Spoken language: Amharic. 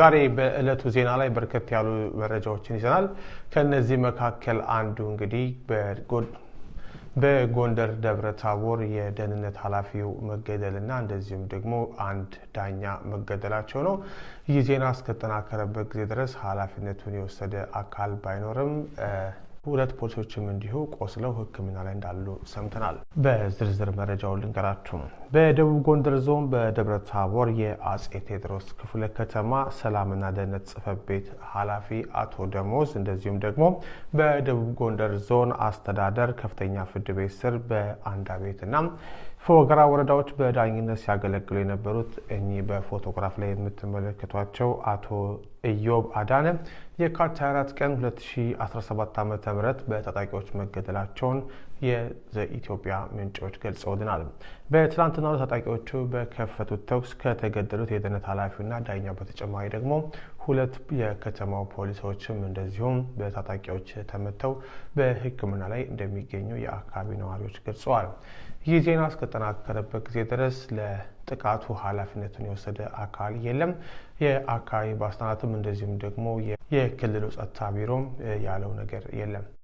ዛሬ በዕለቱ ዜና ላይ በርከት ያሉ መረጃዎችን ይዘናል። ከእነዚህ መካከል አንዱ እንግዲህ በጎንደር ደብረ ታቦር የደህንነት ኃላፊው መገደልና እንደዚሁም ደግሞ አንድ ዳኛ መገደላቸው ነው። ይህ ዜና እስከጠናከረበት ጊዜ ድረስ ኃላፊነቱን የወሰደ አካል ባይኖርም ሁለት ፖሊሶችም እንዲሁ ቆስለው ሕክምና ላይ እንዳሉ ሰምተናል። በዝርዝር መረጃው ልንገራችሁ። በደቡብ ጎንደር ዞን በደብረ ታቦር የአጼ ቴዎድሮስ ክፍለ ከተማ ሰላምና ደህንነት ጽሕፈት ቤት ኃላፊ አቶ ደሞዝ እንደዚሁም ደግሞ በደቡብ ጎንደር ዞን አስተዳደር ከፍተኛ ፍርድ ቤት ስር በአንዳቤትና ፎገራ ወረዳዎች በዳኝነት ሲያገለግሉ የነበሩት እኚህ በፎቶግራፍ ላይ የምትመለከቷቸው አቶ ኢዮብ አዳነ የካቲት 24 ቀን 2017 ዓ ም በታጣቂዎች መገደላቸውን የኢትዮጵያ ምንጮች ገልጸውልናል። በትላንትናው ታጣቂዎቹ በከፈቱት ተኩስ ከተገደሉት የደህንነት ኃላፊውና ዳኛው በተጨማሪ ደግሞ ሁለት የከተማው ፖሊሶችም እንደዚሁም በታጣቂዎች ተመተው በሕክምና ላይ እንደሚገኙ የአካባቢ ነዋሪዎች ገልጸዋል። ይህ ዜና እስከጠናከረበት ጊዜ ድረስ ለ ጥቃቱ ኃላፊነቱን የወሰደ አካል የለም። የአካባቢ ባለስልጣናትም እንደዚሁም ደግሞ የክልሉ ጸጥታ ቢሮም ያለው ነገር የለም።